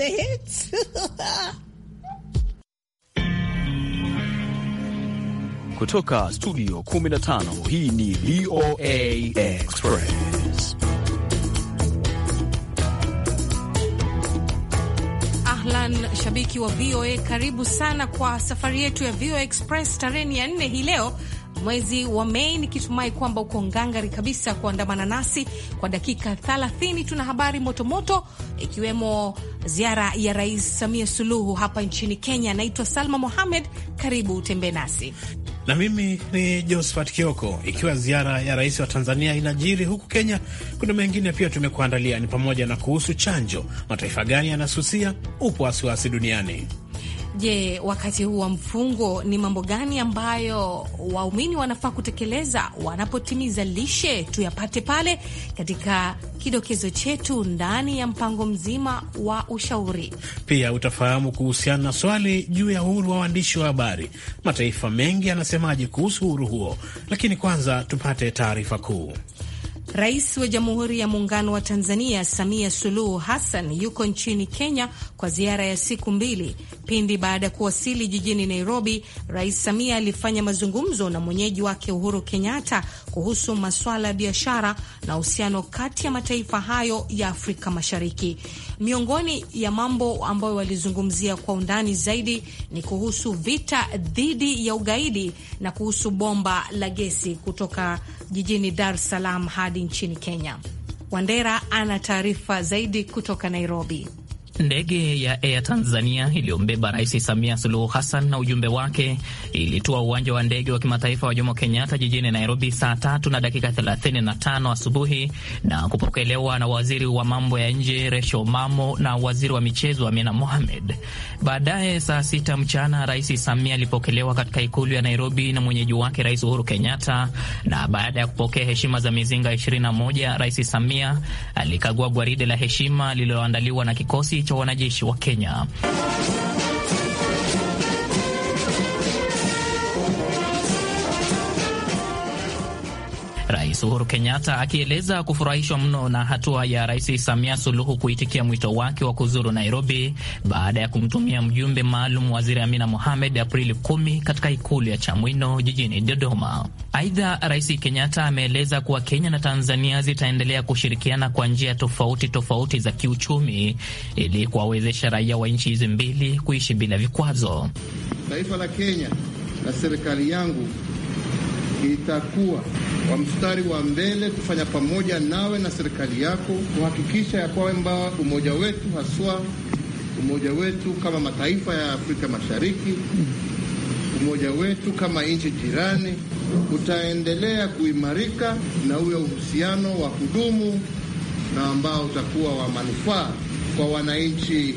The hits. Kutoka studio 15 hii ni VOA Express. Ahlan, shabiki wa VOA, karibu sana kwa safari yetu ya VOA Express. Tarehe ya nne hii leo mwezi wa Mei, nikitumai kwamba uko ngangari kabisa kuandamana nasi kwa dakika 30. Tuna habari motomoto ikiwemo ziara ya Rais Samia Suluhu hapa nchini Kenya. Naitwa Salma Mohamed, karibu utembee nasi na mimi ni Josephat Kioko. Ikiwa ziara ya rais wa Tanzania inajiri huku Kenya, kuna mengine pia tumekuandalia, ni pamoja na kuhusu chanjo, mataifa gani yanasusia, upo wasiwasi duniani Je, wakati huu wa mfungo ni mambo gani ambayo waumini wanafaa kutekeleza wanapotimiza lishe? Tuyapate pale katika kidokezo chetu ndani ya mpango mzima wa ushauri. Pia utafahamu kuhusiana na swali juu ya uhuru wa waandishi wa habari, mataifa mengi yanasemaje kuhusu uhuru huo? Lakini kwanza tupate taarifa kuu. Rais wa Jamhuri ya Muungano wa Tanzania Samia Suluhu Hassan yuko nchini Kenya kwa ziara ya siku mbili. Pindi baada ya kuwasili jijini Nairobi, Rais Samia alifanya mazungumzo na mwenyeji wake Uhuru Kenyatta kuhusu masuala ya biashara na uhusiano kati ya mataifa hayo ya Afrika Mashariki. Miongoni ya mambo ambayo walizungumzia kwa undani zaidi ni kuhusu vita dhidi ya ugaidi na kuhusu bomba la gesi kutoka jijini Dar es Salaam hadi nchini Kenya. Wandera ana taarifa zaidi kutoka Nairobi. Ndege ya Air Tanzania iliyombeba Rais Samia Suluhu Hassan na ujumbe wake ilitua uwanja wa ndege wa kimataifa wa Jomo Kenyatta jijini Nairobi saa tatu na dakika 35 asubuhi na kupokelewa na waziri wa mambo ya nje Resho Mamo na waziri wa michezo Amina Mohamed. Baadaye saa sita mchana Rais Samia alipokelewa katika ikulu ya Nairobi na mwenyeji wake Rais Uhuru Kenyatta, na baada ya kupokea heshima za mizinga 21 Rais Samia alikagua gwaride la heshima lililoandaliwa na kikosi cha wanajeshi wa Kenya. Rais Uhuru Kenyatta akieleza kufurahishwa mno na hatua ya Rais Samia Suluhu kuitikia mwito wake wa kuzuru Nairobi baada ya kumtumia mjumbe maalum Waziri Amina Mohamed Aprili 10 katika ikulu ya Chamwino jijini Dodoma. Aidha, Rais Kenyatta ameeleza kuwa Kenya na Tanzania zitaendelea kushirikiana kwa njia tofauti tofauti za kiuchumi ili kuwawezesha raia wa nchi hizi mbili kuishi bila vikwazo. Taifa la Kenya na serikali yangu itakuwa wa mstari wa mbele kufanya pamoja nawe na serikali yako kuhakikisha ya kwamba umoja wetu haswa umoja wetu kama mataifa ya Afrika Mashariki, umoja wetu kama nchi jirani utaendelea kuimarika na uwe uhusiano wa kudumu na ambao utakuwa wa manufaa kwa wananchi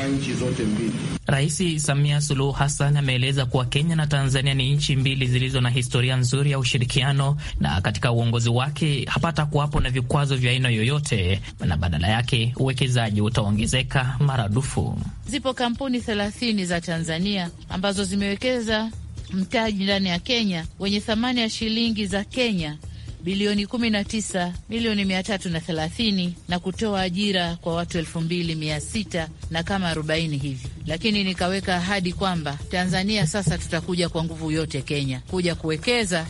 kwa nchi zote mbili. Rais Samia Suluhu Hassan ameeleza kuwa Kenya na Tanzania ni nchi mbili zilizo na historia nzuri ya ushirikiano, na katika uongozi wake hapata kuwapo na vikwazo vya aina yoyote, na badala yake uwekezaji utaongezeka maradufu. Zipo kampuni thelathini za Tanzania ambazo zimewekeza mtaji ndani ya Kenya wenye thamani ya shilingi za Kenya bilioni kumi na tisa milioni mia tatu na thelathini na kutoa ajira kwa watu elfu mbili mia sita na kama arobaini hivi, lakini nikaweka ahadi kwamba Tanzania sasa tutakuja kwa nguvu yote Kenya kuja kuwekeza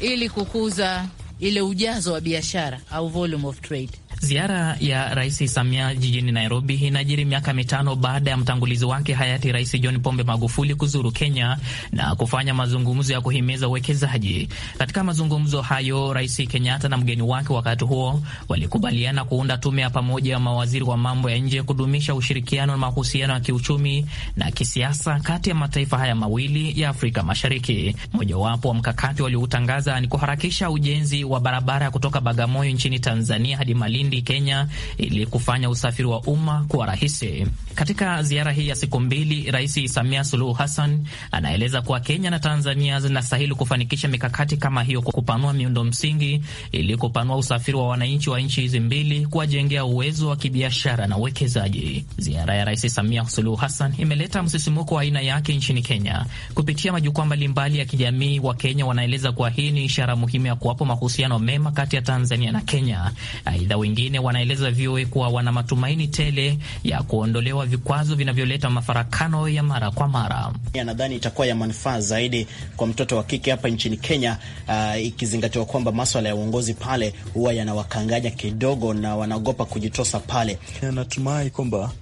ili kukuza ile ujazo wa biashara au volume of trade. Ziara ya Rais Samia jijini Nairobi inajiri miaka mitano baada ya mtangulizi wake hayati Rais John Pombe Magufuli kuzuru Kenya na kufanya mazungumzo ya kuhimiza uwekezaji. Katika mazungumzo hayo, Rais Kenyatta na mgeni wake wakati huo walikubaliana kuunda tume ya pamoja ya mawaziri wa mambo ya nje kudumisha ushirikiano na mahusiano ya kiuchumi na kisiasa kati ya mataifa haya mawili ya Afrika Mashariki. Mojawapo wa mkakati walioutangaza ni kuharakisha ujenzi wa barabara kutoka Bagamoyo nchini Tanzania hadi Malindi Malindi, Kenya, ili kufanya usafiri wa umma kuwa rahisi. Katika ziara hii ya siku mbili, Rais Samia Suluhu Hassan anaeleza kuwa Kenya na Tanzania zinastahili kufanikisha mikakati kama hiyo kwa kupanua miundo msingi ili kupanua usafiri wa wananchi wa nchi hizi mbili, kuwajengea uwezo wa kibiashara na uwekezaji. Ziara ya Rais Samia Suluhu Hassan imeleta msisimuko wa aina yake nchini Kenya. Kupitia majukwaa mbalimbali ya kijamii, wa kenya wanaeleza kuwa hii ni ishara muhimu ya kuwapo mahusiano mema kati ya Tanzania na Kenya. Aidha, wengine wanaeleza VOA kuwa wana matumaini tele ya kuondolewa vikwazo vinavyoleta mafarakano ya mara kwa mara. Nadhani itakuwa ya manufaa zaidi kwa mtoto wa kike hapa nchini Kenya, uh, ikizingatiwa kwamba maswala ya uongozi pale huwa yanawakanganya kidogo na wanaogopa kujitosa pale. Natumai kwamba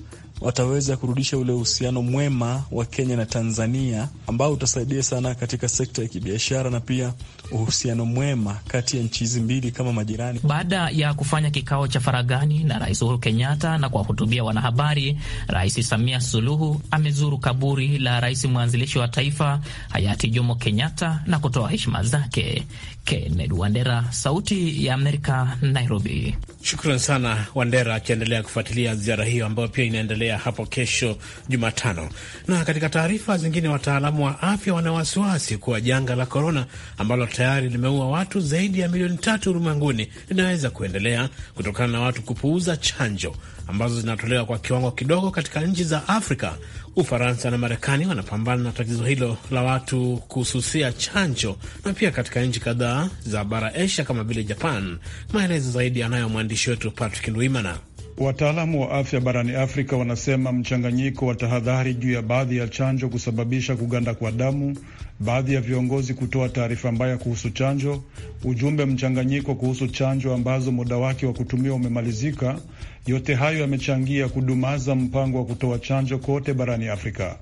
wataweza kurudisha ule uhusiano mwema wa Kenya na Tanzania ambao utasaidia sana katika sekta ya kibiashara na pia uhusiano mwema kati ya nchi hizi mbili kama majirani. Baada ya kufanya kikao cha faragani na Rais Uhuru Kenyatta na kuwahutubia wanahabari, Rais Samia Suluhu amezuru kaburi la rais mwanzilishi wa taifa hayati Jomo Kenyatta na kutoa heshima zake. Kenneth Wandera, Sauti ya Amerika, Nairobi. Shukran sana Wandera, akiendelea kufuatilia ziara hiyo ambayo pia inaendelea kuendelea hapo kesho Jumatano. Na katika taarifa zingine, wataalamu wa afya wana wasiwasi kuwa janga la korona ambalo tayari limeua watu zaidi ya milioni tatu ulimwenguni linaweza kuendelea kutokana na watu kupuuza chanjo ambazo zinatolewa kwa kiwango kidogo katika nchi za Afrika. Ufaransa na Marekani wanapambana na tatizo hilo la watu kususia chanjo, na pia katika nchi kadhaa za bara Asia kama vile Japan. Maelezo zaidi anayo mwandishi wetu Patrick Ndwimana. Wataalamu wa afya barani Afrika wanasema mchanganyiko wa tahadhari juu ya baadhi ya chanjo kusababisha kuganda kwa damu, baadhi ya viongozi kutoa taarifa mbaya kuhusu chanjo, ujumbe mchanganyiko kuhusu chanjo ambazo muda wake wa kutumiwa umemalizika. Yote hayo yamechangia kudumaza mpango wa kutoa chanjo kote barani Afrika.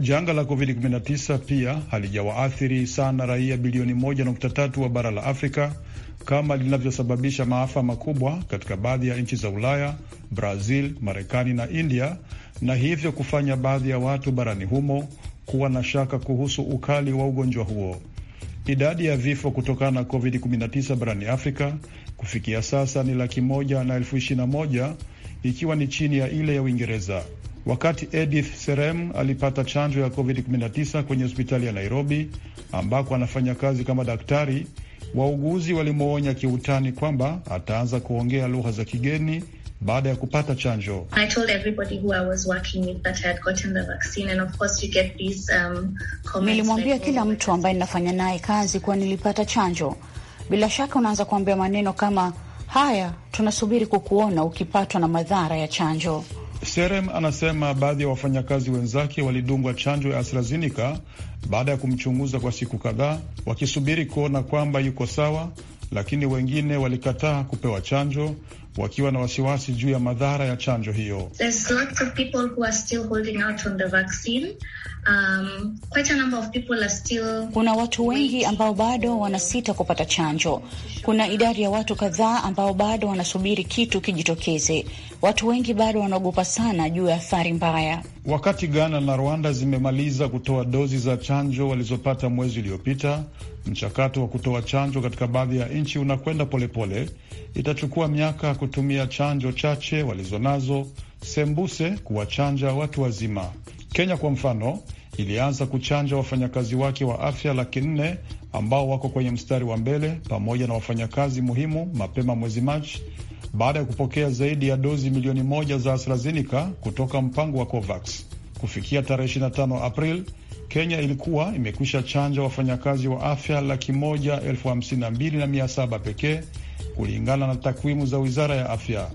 Janga la COVID-19 pia halijawaathiri sana raia bilioni 1.3 wa bara la Afrika kama linavyosababisha maafa makubwa katika baadhi ya nchi za Ulaya, Brazil, Marekani na India, na hivyo kufanya baadhi ya watu barani humo kuwa na shaka kuhusu ukali wa ugonjwa huo. Idadi ya vifo kutokana na COVID-19 barani Afrika kufikia sasa ni laki moja na elfu ishirini na moja ikiwa ni chini ya ile ya Uingereza wakati Edith Serem alipata chanjo ya COVID-19 kwenye hospitali ya Nairobi ambako anafanya kazi kama daktari. Wauguzi walimwonya kiutani kwamba ataanza kuongea lugha za kigeni baada ya kupata chanjo. Um, Nilimwambia um, kila oh, mtu ambaye ninafanya naye kazi kuwa nilipata chanjo. Bila shaka unaanza kuambia maneno kama haya, tunasubiri kukuona ukipatwa na madhara ya chanjo. Serem anasema baadhi ya wafanyakazi wenzake walidungwa chanjo ya AstraZeneca baada ya kumchunguza kwa siku kadhaa wakisubiri kuona kwamba yuko sawa, lakini wengine walikataa kupewa chanjo wakiwa na wasiwasi juu ya madhara ya chanjo hiyo. Um, quite a number of people are still... kuna watu wengi ambao bado wanasita kupata chanjo. Kuna idadi ya watu kadhaa ambao bado wanasubiri kitu kijitokeze. Watu wengi bado wanaogopa sana juu ya athari mbaya. Wakati Ghana na Rwanda zimemaliza kutoa dozi za chanjo walizopata mwezi uliopita, mchakato wa kutoa chanjo katika baadhi ya nchi unakwenda polepole. Itachukua miaka kutumia chanjo chache walizonazo sembuse kuwachanja watu wazima. Kenya kwa mfano ilianza kuchanja wafanyakazi wake wa afya laki nne ambao wako kwenye mstari wa mbele pamoja na wafanyakazi muhimu mapema mwezi Machi baada ya kupokea zaidi ya dozi milioni moja za AstraZeneca kutoka mpango wa COVAX. Kufikia tarehe 25 April, Kenya ilikuwa imekwisha chanja wafanyakazi wa afya laki moja elfu hamsini na mbili na mia saba pekee kulingana na takwimu za wizara ya afya.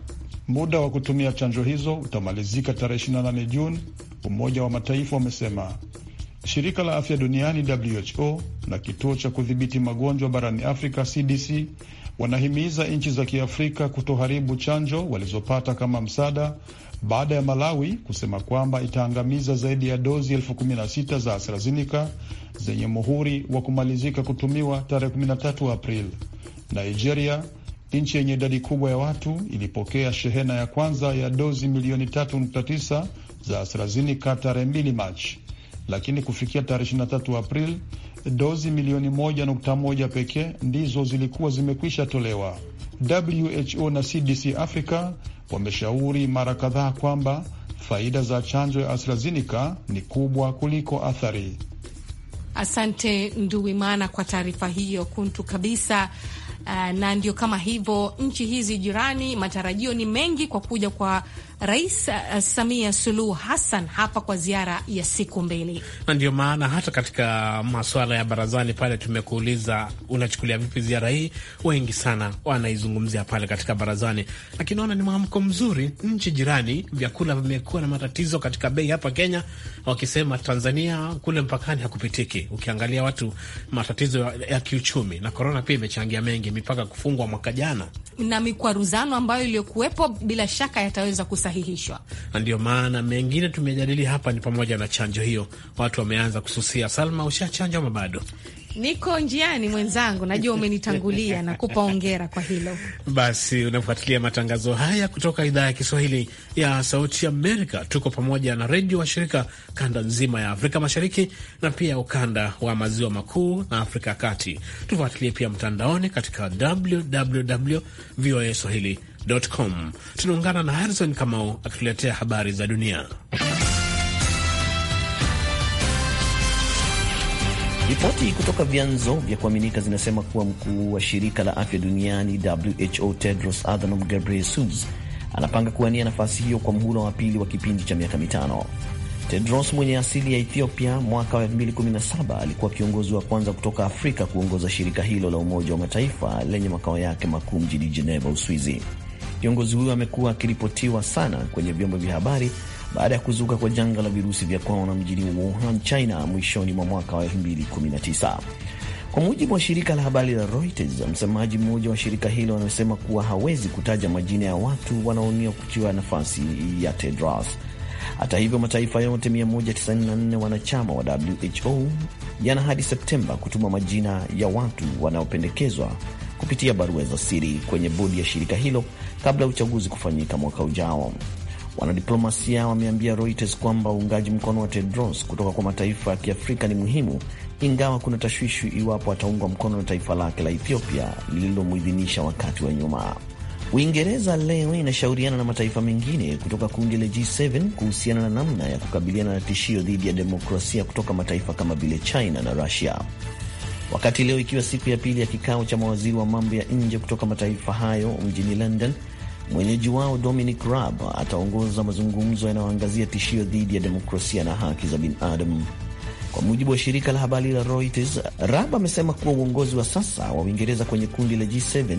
Muda wa kutumia chanjo hizo utamalizika tarehe 28 Juni Umoja wa Mataifa umesema. Shirika la afya duniani WHO na kituo cha kudhibiti magonjwa barani Afrika CDC wanahimiza nchi za Kiafrika kutoharibu chanjo walizopata kama msaada baada ya Malawi kusema kwamba itaangamiza zaidi ya dozi elfu kumi na sita za AstraZeneca zenye muhuri wa kumalizika kutumiwa tarehe 13 Aprili. Nigeria, nchi yenye idadi kubwa ya watu, ilipokea shehena ya kwanza ya dozi milioni 3.9 za AstraZeneca tarehe 2 Machi, lakini kufikia tarehe 23 Aprili dozi milioni moja pekee ndizo zilikuwa zimekwisha tolewa. WHO na CDC Africa wameshauri mara kadhaa kwamba faida za chanjo ya AstraZeneca ni kubwa kuliko athari. Asante Nduwimana kwa taarifa hiyo kuntu kabisa. Eh, na ndio kama hivyo nchi hizi jirani, matarajio ni mengi kwa kuja kwa Rais uh, Samia Suluhu Hassan hapa kwa ziara ya siku mbili, na ndio maana hata katika masuala ya barazani pale tumekuuliza unachukulia vipi ziara hii. Wengi sana wanaizungumzia pale katika barazani, lakini naona ni mwamko mzuri. Nchi jirani, vyakula vimekuwa na matatizo katika bei hapa Kenya, wakisema Tanzania kule mpakani hakupitiki. Ukiangalia watu matatizo ya kiuchumi, na korona pia imechangia mengi mengi, mipaka kufungwa mwaka jana na mikwaruzano ambayo iliyokuwepo bila shaka yataweza kusahihishwa, na ndiyo maana mengine tumejadili hapa ni pamoja na chanjo hiyo. Watu wameanza kususia. Salma, ushachanjwa ama bado? Niko njiani mwenzangu, najua umenitangulia, kupa ongera kwa hilo. Basi unafuatilia matangazo haya kutoka idhaa ya Kiswahili ya Sauti Amerika. Tuko pamoja na redio wa shirika kanda nzima ya Afrika Mashariki na pia ukanda wa Maziwa Makuu na Afrika ya Kati. Tufuatilie pia mtandaoni katika www voa swahili com. Tunaungana na Harrison Kamau akituletea habari za dunia. Ripoti kutoka vyanzo vya kuaminika zinasema kuwa mkuu wa shirika la afya duniani WHO Tedros Adhanom Ghebreyesus anapanga kuwania nafasi hiyo kwa mhula wa pili wa kipindi cha miaka mitano. Tedros mwenye asili ya Ethiopia, mwaka wa 2017 alikuwa kiongozi wa kwanza kutoka Afrika kuongoza shirika hilo la Umoja wa Mataifa lenye makao yake makuu mjini Geneva, Uswizi. Kiongozi huyo amekuwa akiripotiwa sana kwenye vyombo vya habari baada ya kuzuka kwa janga la virusi vya korona mjini Wuhan, China mwishoni mwa mwaka wa 2019. Kwa mujibu wa shirika la habari la Reuters, msemaji mmoja wa shirika hilo anasema kuwa hawezi kutaja majina ya watu wanaonia kuchiwa nafasi ya Tedros. Hata hivyo, mataifa yote 194 wanachama wa WHO yana hadi Septemba kutuma majina ya watu wanaopendekezwa kupitia barua za siri kwenye bodi ya shirika hilo kabla ya uchaguzi kufanyika mwaka ujao. Wanadiplomasia wameambia Reuters kwamba uungaji mkono wa Tedros kutoka kwa mataifa ya Kiafrika ni muhimu, ingawa kuna tashwishi iwapo ataungwa mkono na taifa lake la Ethiopia lililomwidhinisha wakati wa nyuma. Uingereza leo inashauriana na mataifa mengine kutoka kundi la G7 kuhusiana na namna ya kukabiliana na tishio dhidi ya demokrasia kutoka mataifa kama vile China na rusia Wakati leo ikiwa siku ya pili ya kikao cha mawaziri wa mambo ya nje kutoka mataifa hayo mjini London, Mwenyeji wao Dominic Raab ataongoza mazungumzo yanayoangazia tishio dhidi ya demokrasia na haki za binadamu kwa mujibu wa shirika la habari la Reuters, Rab amesema kuwa uongozi wa sasa wa Uingereza kwenye kundi la G7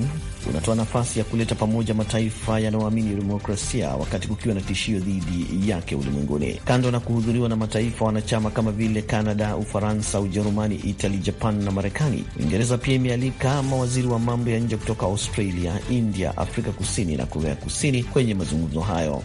unatoa nafasi ya kuleta pamoja mataifa yanayoamini demokrasia wakati kukiwa na tishio dhidi yake ulimwenguni. Kando na kuhudhuriwa na mataifa wanachama kama vile Canada, Ufaransa, Ujerumani, Itali, Japan na Marekani, Uingereza pia imealika mawaziri wa mambo ya nje kutoka Australia, India, Afrika Kusini na Korea Kusini kwenye mazungumzo hayo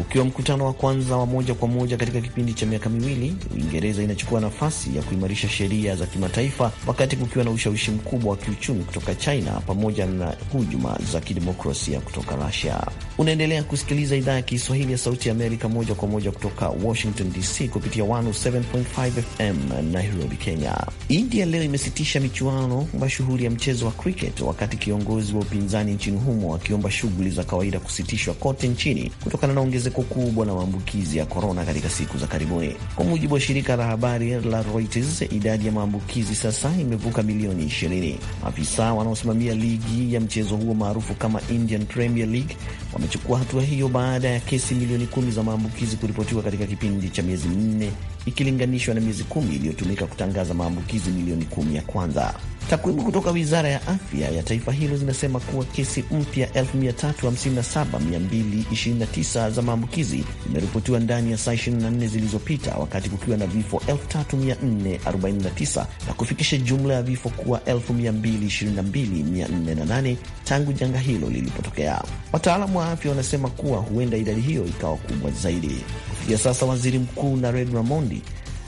ukiwa mkutano wa kwanza wa moja kwa moja katika kipindi cha miaka miwili. Uingereza inachukua nafasi ya kuimarisha sheria za kimataifa wakati kukiwa na ushawishi mkubwa wa kiuchumi kutoka China pamoja na hujuma za kidemokrasia kutoka Rusia. Unaendelea kusikiliza idhaa ya Kiswahili ya Sauti ya Amerika moja kwa moja kutoka Washington DC kupitia 107.5 FM Nairobi, Kenya. India leo imesitisha michuano mashuhuri ya mchezo wa cricket wakati kiongozi wa upinzani nchini humo akiomba shughuli za kawaida kusitishwa kote nchini kutokana na ongezeko kubwa la maambukizi ya korona katika siku za karibuni. Kwa mujibu wa shirika la habari la Reuters, idadi ya maambukizi sasa imevuka milioni 20. Maafisa wanaosimamia ligi ya mchezo huo maarufu kama Indian Premier League wamechukua hatua hiyo baada ya kesi milioni kumi za maambukizi kuripotiwa katika kipindi cha miezi minne ikilinganishwa na miezi kumi iliyotumika kutangaza maambukizi milioni kumi ya kwanza. Takwimu kutoka wizara ya afya ya taifa hilo zinasema kuwa kesi mpya 357229 za maambukizi zimeripotiwa ndani ya saa 24 zilizopita, wakati kukiwa na vifo 3449 na kufikisha jumla ya vifo kuwa 222408 tangu janga hilo lilipotokea. Wataalamu wa afya wanasema kuwa huenda idadi hiyo ikawa kubwa zaidi. Kufikia sasa, waziri mkuu Nared Ramondi Burundi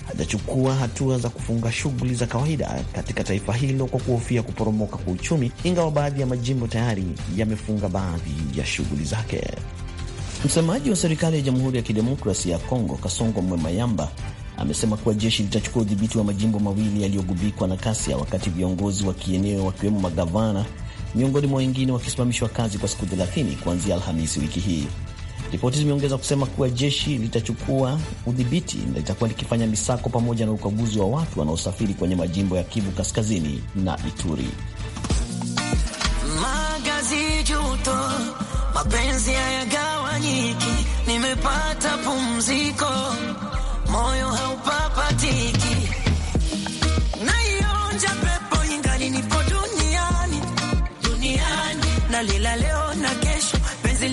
hajachukua hatua za kufunga shughuli za kawaida katika taifa hilo kwa kuhofia kuporomoka kwa uchumi, ingawa baadhi ya majimbo tayari yamefunga baadhi ya shughuli zake. Msemaji wa serikali ya Jamhuri ya Kidemokrasia ya Kongo, Kasongo Mwemayamba, amesema kuwa jeshi litachukua udhibiti wa majimbo mawili yaliyogubikwa na kasia, wakati viongozi wa kieneo wakiwemo magavana miongoni mwa wengine wakisimamishwa kazi kwa siku 30 kuanzia Alhamisi wiki hii. Ripoti zimeongeza kusema kuwa jeshi litachukua udhibiti na litakuwa likifanya misako pamoja na ukaguzi wa watu wanaosafiri kwenye majimbo ya Kivu Kaskazini na Ituri. Magazi juto, mapenzi hayagawanyiki, nimepata pumziko, moyo haupapatiki, naionja pepo ingali nipo duniani, duniani nalila leo na kesho, penzi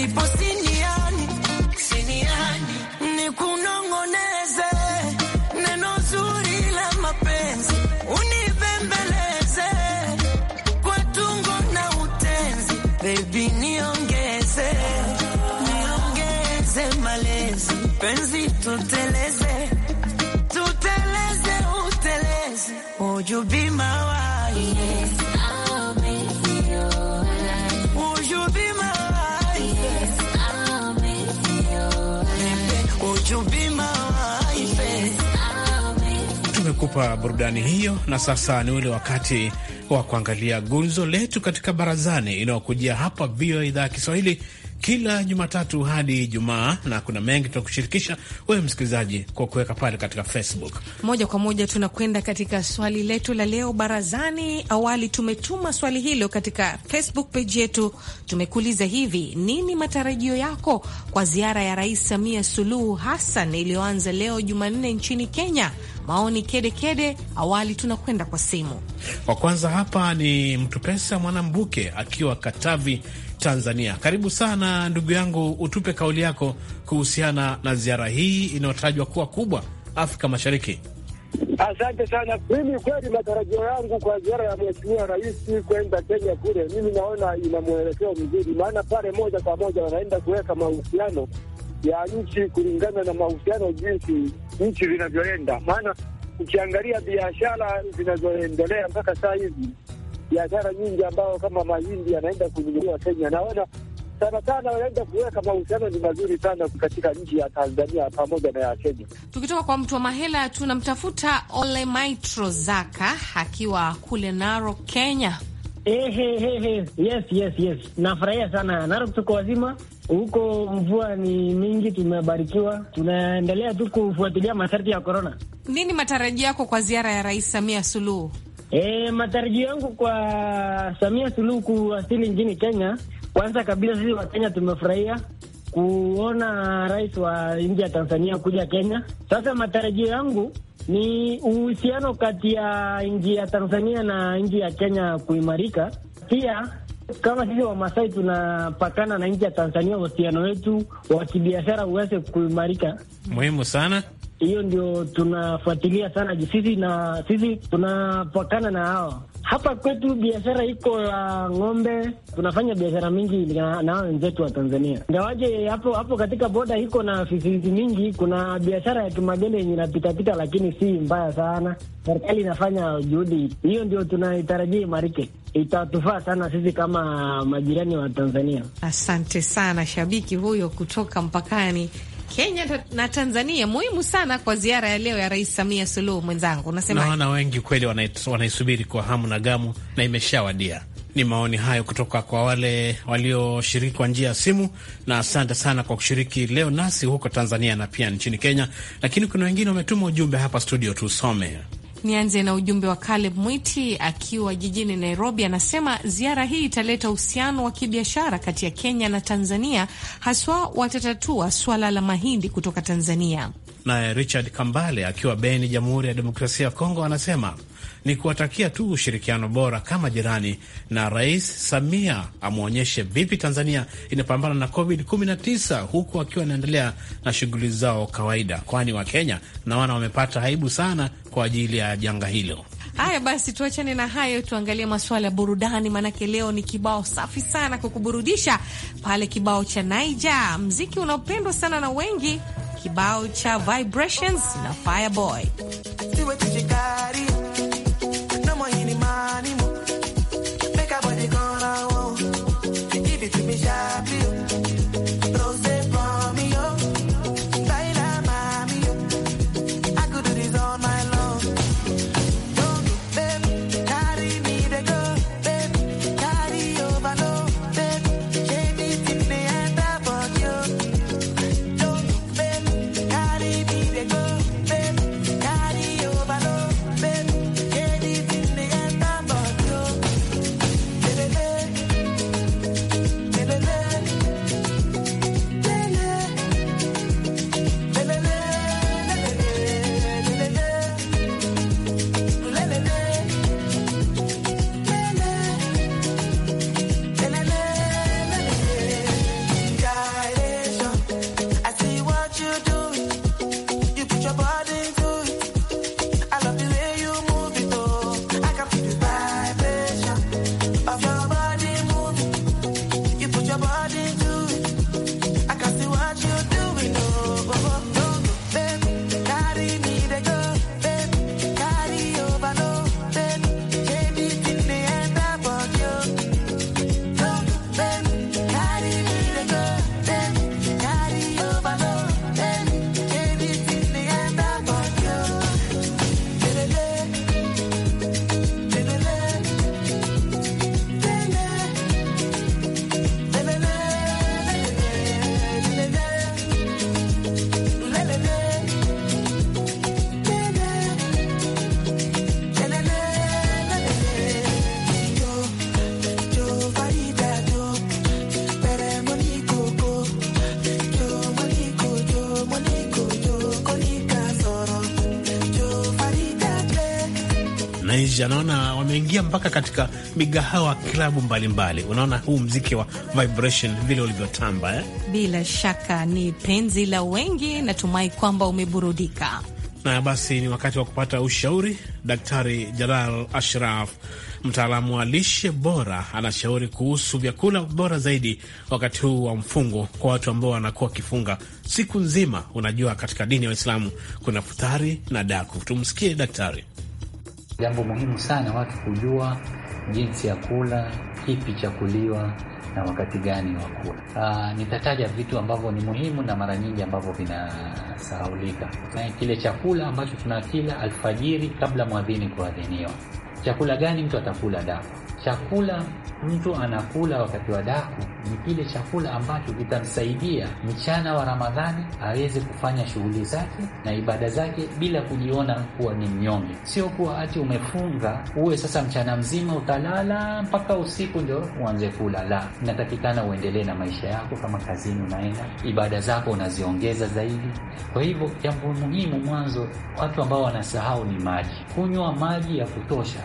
kukupa burudani hiyo, na sasa ni ule wakati wa kuangalia gunzo letu katika barazani inayokujia hapa VOA idhaa ya Kiswahili kila Jumatatu hadi Ijumaa, na kuna mengi tunakushirikisha wewe msikilizaji kwa kuweka pale katika Facebook. Moja kwa moja tunakwenda katika swali letu la leo barazani. Awali tumetuma swali hilo katika Facebook page yetu, tumekuuliza hivi: nini matarajio yako kwa ziara ya Rais Samia Suluhu Hassan iliyoanza leo Jumanne nchini Kenya? Maoni kede kede. Awali tunakwenda kwa simu. Wa kwanza hapa ni mtu pesa Mwanambuke akiwa Katavi Tanzania. Karibu sana ndugu yangu, utupe kauli yako kuhusiana na ziara hii inayotajwa kuwa kubwa Afrika Mashariki. Asante sana. Mimi kweli matarajio yangu kwa ziara ya mheshimiwa rais kwenda Kenya kule, mimi naona ina mwelekeo mzuri, maana pale moja kwa moja wanaenda kuweka mahusiano ya nchi kulingana na mahusiano jinsi nchi zinavyoenda, maana ukiangalia biashara zinazoendelea mpaka saa hizi biashara nyingi ambao kama mahindi yanaenda kununuliwa Kenya. Naona sana sana wanaenda kuweka mahusiano ni mazuri sana katika nchi ya Tanzania pamoja na ya Kenya. Tukitoka kwa mtu wa mahela, tunamtafuta Ole Maitro Zaka akiwa kule naro Kenya. Eh, eh, eh, yes, yes, yes. Nafurahia sana naro tuko wazima huko, mvua ni mingi, tumebarikiwa. Tunaendelea tu kufuatilia masharti ya korona. Nini matarajio yako kwa ziara ya Rais Samia Suluhu? E, matarajio yangu kwa Samia Suluhu kuwasili nchini Kenya, kwanza kabisa sisi Wakenya tumefurahia kuona rais wa nchi ya Tanzania kuja Kenya. Sasa matarajio yangu ni uhusiano kati ya nchi ya Tanzania na nchi ya Kenya kuimarika. Pia kama sisi Wamasai tunapakana na nchi ya Tanzania, uhusiano wetu wa kibiashara uweze kuimarika. Muhimu sana hiyo ndio tunafuatilia sana sisi, na sisi tunapakana na hao hapa kwetu biashara iko ya ng'ombe. Tunafanya biashara mingi na hao wenzetu wa Tanzania. Ingawaje hapo hapo katika boda iko na fisizi mingi, kuna biashara ya kimagende yenye inapitapita, lakini si mbaya sana. Serikali inafanya juhudi, hiyo ndio tunaitarajia imarike, itatufaa sana sisi kama majirani wa Tanzania. Asante sana shabiki huyo kutoka mpakani Kenya na Tanzania muhimu sana kwa ziara ya leo ya Rais Samia Suluhu. Mwenzangu, unasema naona wengi kweli wanaisubiri kwa hamu na gamu na imeshawadia. Ni maoni hayo kutoka kwa wale walioshiriki kwa njia ya simu, na asante sana kwa kushiriki leo nasi huko Tanzania na pia nchini Kenya. Lakini kuna wengine wametuma ujumbe hapa studio, tusome. Nianze na ujumbe wa Caleb Mwiti akiwa jijini Nairobi, anasema ziara hii italeta uhusiano wa kibiashara kati ya Kenya na Tanzania, haswa watatatua swala la mahindi kutoka Tanzania. Naye Richard Kambale akiwa Beni, Jamhuri ya Demokrasia ya Kongo, anasema ni kuwatakia tu ushirikiano bora kama jirani, na Rais Samia amwonyeshe vipi Tanzania inapambana na COVID-19 huku akiwa anaendelea na shughuli zao kawaida, kwani Wakenya naona wamepata aibu sana kwa ajili ya janga hilo. Haya basi, tuachane na hayo, tuangalie masuala ya burudani, maanake leo ni kibao safi sana kwa kuburudisha pale, kibao cha Naija, mziki unaopendwa sana na wengi, kibao cha Vibrations na Fireboy. Tunisia, naona wameingia mpaka katika migahawa, klabu mbalimbali. Unaona huu mziki wa vibration vile ulivyotamba eh? Bila shaka ni penzi la wengi, natumai kwamba umeburudika. Na basi ni wakati wa kupata ushauri. Daktari Jalal Ashraf, mtaalamu wa lishe bora, anashauri kuhusu vyakula bora zaidi wakati huu wa mfungo kwa watu ambao wanakuwa wakifunga siku nzima. Unajua, katika dini ya Waislamu kuna futari na daku. Tumsikie daktari. Jambo muhimu sana watu kujua jinsi ya kula, kipi cha kuliwa na wakati gani wa kula. Ah, nitataja vitu ambavyo ni muhimu na mara nyingi ambavyo vinasahaulika. Eh, kile chakula ambacho tunakila alfajiri kabla mwadhini kuadhiniwa. Chakula gani mtu atakula dafu? Chakula mtu anakula wakati wa daku ni kile chakula ambacho kitamsaidia mchana wa Ramadhani aweze kufanya shughuli zake na ibada zake bila kujiona kuwa ni mnyonge. Sio kuwa ati umefunga uwe sasa mchana mzima utalala mpaka usiku ndio uanze kula. La, inatakikana uendelee na maisha yako. Kama kazini unaenda, ibada zako unaziongeza zaidi. Kwa hivyo jambo muhimu mwanzo, watu ambao wanasahau ni maji, kunywa maji ya kutosha.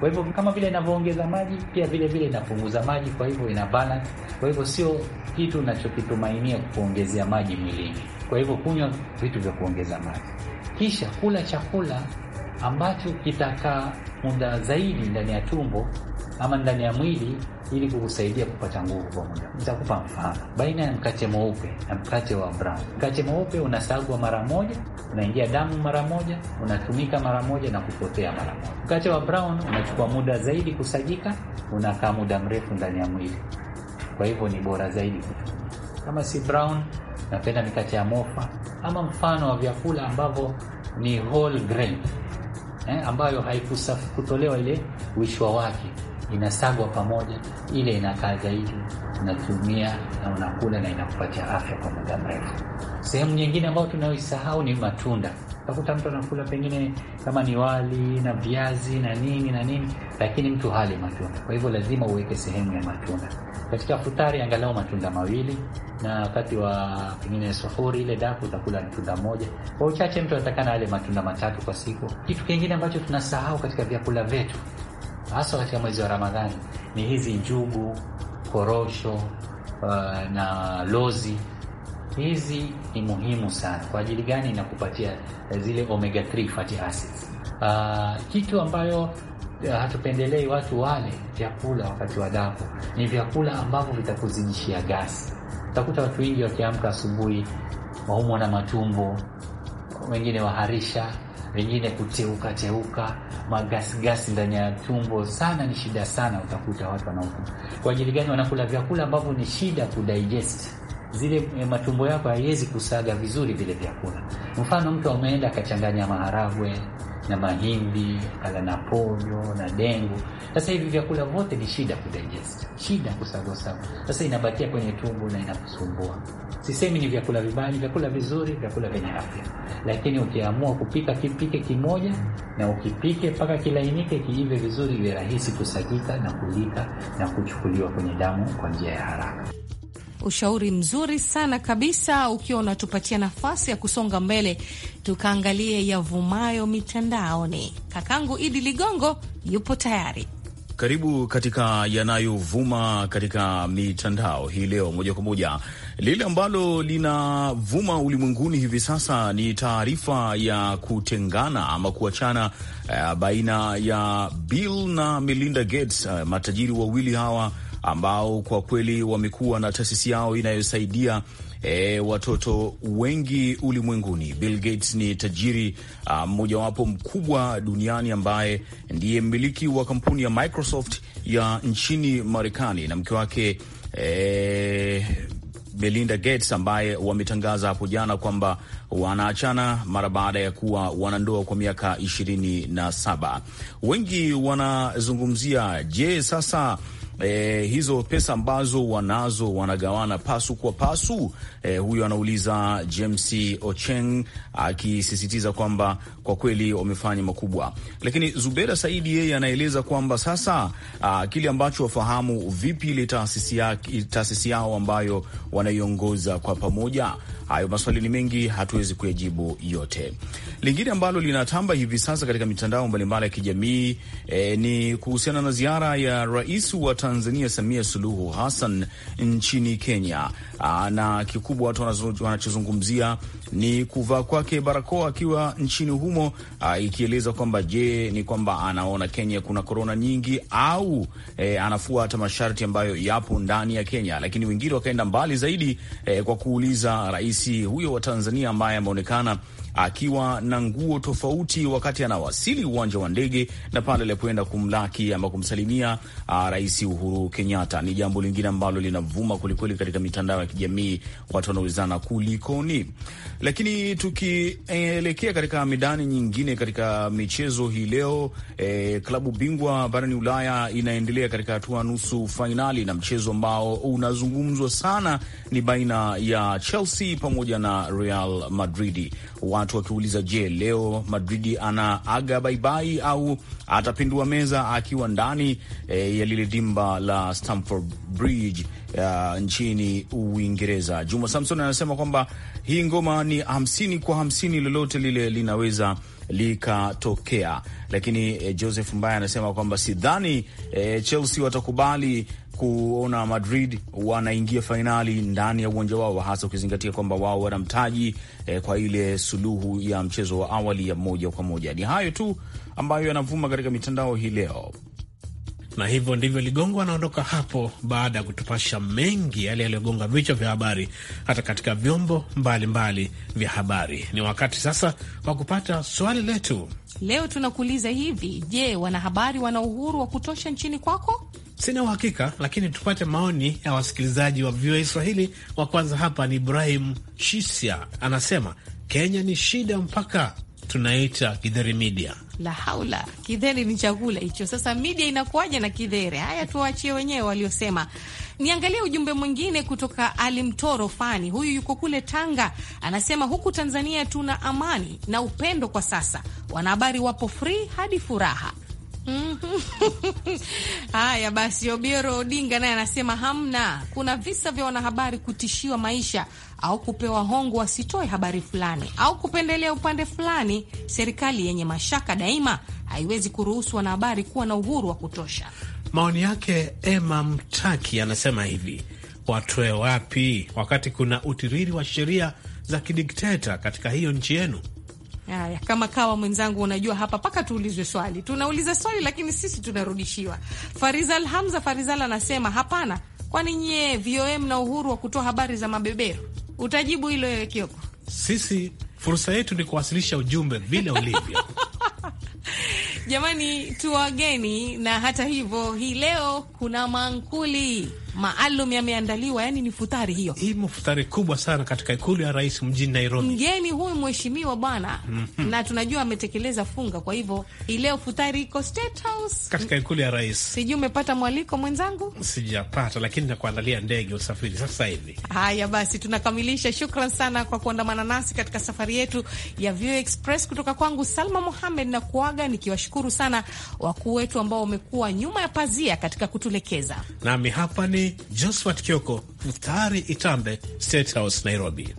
Kwa hivyo kama vile inavyoongeza maji, pia vile vile inapunguza maji, kwa hivyo ina balance. Kwa hivyo sio kitu unachokitumainia kuongezea maji mwilini. Kwa hivyo kunywa vitu vya kuongeza maji, kisha kula chakula ambacho kitakaa muda zaidi ndani ya tumbo ama ndani ya mwili ili kukusaidia kupata nguvu kwa muda. Nitakupa mfano baina ya mkate mweupe na mkate wa brown. Mkate mweupe unasagwa mara moja, unaingia damu mara moja, unatumika mara moja na kupotea mara moja. Mkate wa brown unachukua muda zaidi kusagika, unakaa muda mrefu ndani ya mwili, kwa hivyo ni bora zaidi Kama si brown, napenda mikate ya mofa ama mfano wa vyakula ambavyo ni whole grain eh, ambayo haikutolewa ile wishwa wake inasagwa pamoja, ile inakaa zaidi, unatumia na unakula na inakupatia afya kwa muda mrefu. Sehemu nyingine ambayo tunaoisahau ni matunda. Utakuta mtu anakula pengine kama ni wali na viazi na nini na nini, lakini mtu hali matunda. Kwa hivyo lazima uweke sehemu ya matunda katika futari, angalau matunda mawili, na wakati wa pengine suhuri ile daku utakula tunda moja. Kwa uchache mtu anatakana ale matunda matatu kwa siku. Kitu kingine ambacho tunasahau katika vyakula vyetu hasa katika mwezi wa Ramadhani ni hizi njugu, korosho uh, na lozi. Hizi ni muhimu sana. Kwa ajili gani? Inakupatia zile omega 3 fatty acids. Uh, kitu ambayo uh, hatupendelei watu wale vyakula wakati wa dapo ni vyakula ambavyo vitakuzidishia gasi. Utakuta watu wengi wakiamka asubuhi waumwa na matumbo, wengine waharisha vingine kuteuka teuka, magasgasi ndani ya tumbo sana, ni shida sana. Utakuta watu wanaokula kwa ajili gani? Wanakula vyakula ambavyo ni shida kudigest zile eh, matumbo yako haiwezi kusaga vizuri vile vyakula. Mfano, mtu ameenda akachanganya maharagwe na mahindi ala na pojo na dengu. Sasa hivi vyakula vyote ni shida kudigest, shida kusagasaga, sasa inabakia kwenye tumbo na inakusumbua. Sisemi ni vyakula vibaya, ni vyakula vizuri, vyakula vyenye afya, lakini ukiamua kupika kipike kimoja na ukipike mpaka kilainike, kiive vizuri, iwe rahisi kusagika na kulika na kuchukuliwa kwenye damu kwa njia ya haraka ushauri mzuri sana kabisa, ukiwa unatupatia nafasi ya kusonga mbele, tukaangalie yavumayo mitandaoni. Kakangu Idi Ligongo yupo tayari. Karibu katika yanayovuma katika mitandao hii leo, moja kwa moja. Lile ambalo linavuma ulimwenguni hivi sasa ni taarifa ya kutengana ama kuachana uh, baina ya Bill na Melinda Gates uh, matajiri wawili hawa ambao kwa kweli wamekuwa na taasisi yao inayosaidia E, watoto wengi ulimwenguni. Bill Gates ni tajiri mmojawapo um, mkubwa duniani ambaye ndiye mmiliki wa kampuni ya Microsoft ya nchini Marekani na mke wake e, Melinda Gates ambaye wametangaza hapo jana kwamba wanaachana mara baada ya kuwa wanandoa kwa miaka ishirini na saba. Wengi wanazungumzia je, sasa eh, hizo pesa ambazo wanazo wanagawana pasu kwa pasu eh, huyo anauliza James Ocheng akisisitiza kwamba kwa kweli wamefanya makubwa, lakini Zubeda Saidi yeye anaeleza kwamba sasa a, ah, kile ambacho wafahamu vipi ile taasisi ya, taasisi yao ambayo wanaiongoza kwa pamoja. Hayo maswali ni mengi, hatuwezi kuyajibu yote. Lingine ambalo linatamba hivi sasa katika mitandao mbalimbali ya kijamii e, ni kuhusiana na ziara ya rais wa Tanzania Samia Suluhu Hassan nchini Kenya ah, na kikubwa kubwa watu wanachozungumzia ni kuvaa kwake barakoa akiwa nchini humo, ah, ikieleza kwamba je, ni kwamba anaona Kenya kuna korona nyingi au eh, anafuata masharti ambayo yapo ndani ya Kenya. Lakini wengine wakaenda mbali zaidi eh, kwa kuuliza rais huyo wa Tanzania ambaye ameonekana akiwa na nguo tofauti wakati anawasili uwanja wa ndege na pale alipoenda kumlaki ama kumsalimia ah, Rais Uhuru Kenyatta. Ni jambo lingine ambalo linavuma kwelikweli katika mitandao ya kijamii, watu wanaulizana kulikoni. Lakini tukielekea katika midani nyingine, katika michezo hii leo e, klabu bingwa barani Ulaya inaendelea katika hatua nusu fainali, na mchezo ambao unazungumzwa sana ni baina ya Chelsea pamoja na Real Madridi watu wakiuliza, je, leo Madridi aga baibai au atapindua meza akiwa ndani e, ya lile dimba la Stamford Bridge uh, nchini Uingereza. Juma Samson anasema kwamba hii ngoma ni hamsini kwa hamsini, lolote lile linaweza likatokea, lakini eh, Joseph Mbaye anasema kwamba sidhani eh, Chelsea watakubali kuona Madrid wanaingia fainali ndani ya uwanja wao, hasa ukizingatia kwamba wao wana mtaji eh, kwa ile suluhu ya mchezo wa awali ya moja kwa moja. Ni hayo tu ambayo yanavuma katika mitandao hii leo na hivyo ndivyo Ligongo anaondoka hapo baada ya kutupasha mengi yale yaliyogonga vichwa vya habari hata katika vyombo mbalimbali vya habari. Ni wakati sasa wa kupata swali letu leo. Tunakuuliza hivi, je, wanahabari wana uhuru wa kutosha nchini kwako? Sina uhakika, lakini tupate maoni ya wasikilizaji wa VOA Swahili. Wa kwanza hapa ni Ibrahim Shisia, anasema Kenya ni shida mpaka tunaita kidheri media. La haula, kidheri ni chakula hicho. Sasa media inakuwaje na kidheri? Haya, tuwaachie wenyewe waliosema. Niangalie ujumbe mwingine kutoka Ali Mtoro Fani, huyu yuko kule Tanga, anasema huku Tanzania tuna amani na upendo kwa sasa, wanahabari wapo free hadi furaha Mm-hmm. Haya basi, Obiero Odinga naye anasema hamna, kuna visa vya wanahabari kutishiwa maisha au kupewa hongo wasitoe habari fulani au kupendelea upande fulani. Serikali yenye mashaka daima haiwezi kuruhusu wanahabari kuwa na uhuru wa kutosha. Maoni yake Emma Mtaki anasema hivi, watoe wapi wakati kuna utiriri wa sheria za kidikteta katika hiyo nchi yenu? Haya, kama kawa mwenzangu, unajua hapa mpaka tuulizwe swali, tunauliza swali lakini sisi tunarudishiwa. Farizal Hamza Farizal anasema hapana, kwani nyie VOM na uhuru wa kutoa habari za mabeberu? Utajibu hilo wewe Kioko? Sisi fursa yetu ni kuwasilisha ujumbe vile ulivyo. Jamani, tu wageni na hata hivyo, hii leo kuna mankuli maalum yameandaliwa, yani ni futari hiyo. Hii futari kubwa sana katika ikulu ya rais mjini Nairobi. Mgeni huyu mheshimiwa bwana mm -hmm. na tunajua ametekeleza funga, kwa hivyo hii leo futari iko State House katika ikulu ya rais. Sijui umepata mwaliko mwenzangu? Sijapata, lakini nakuandalia ndege usafiri sasa hivi. Haya basi, tunakamilisha. Shukran sana kwa kuandamana nasi katika safari yetu ya View Express kutoka kwangu Salma Mohamed na kuaga nikiwashukuru tunawashukuru sana wakuu wetu ambao wamekuwa nyuma ya pazia katika kutulekeza. Nami hapa ni josat Kioko, Mtari Itambe, State House, Nairobi.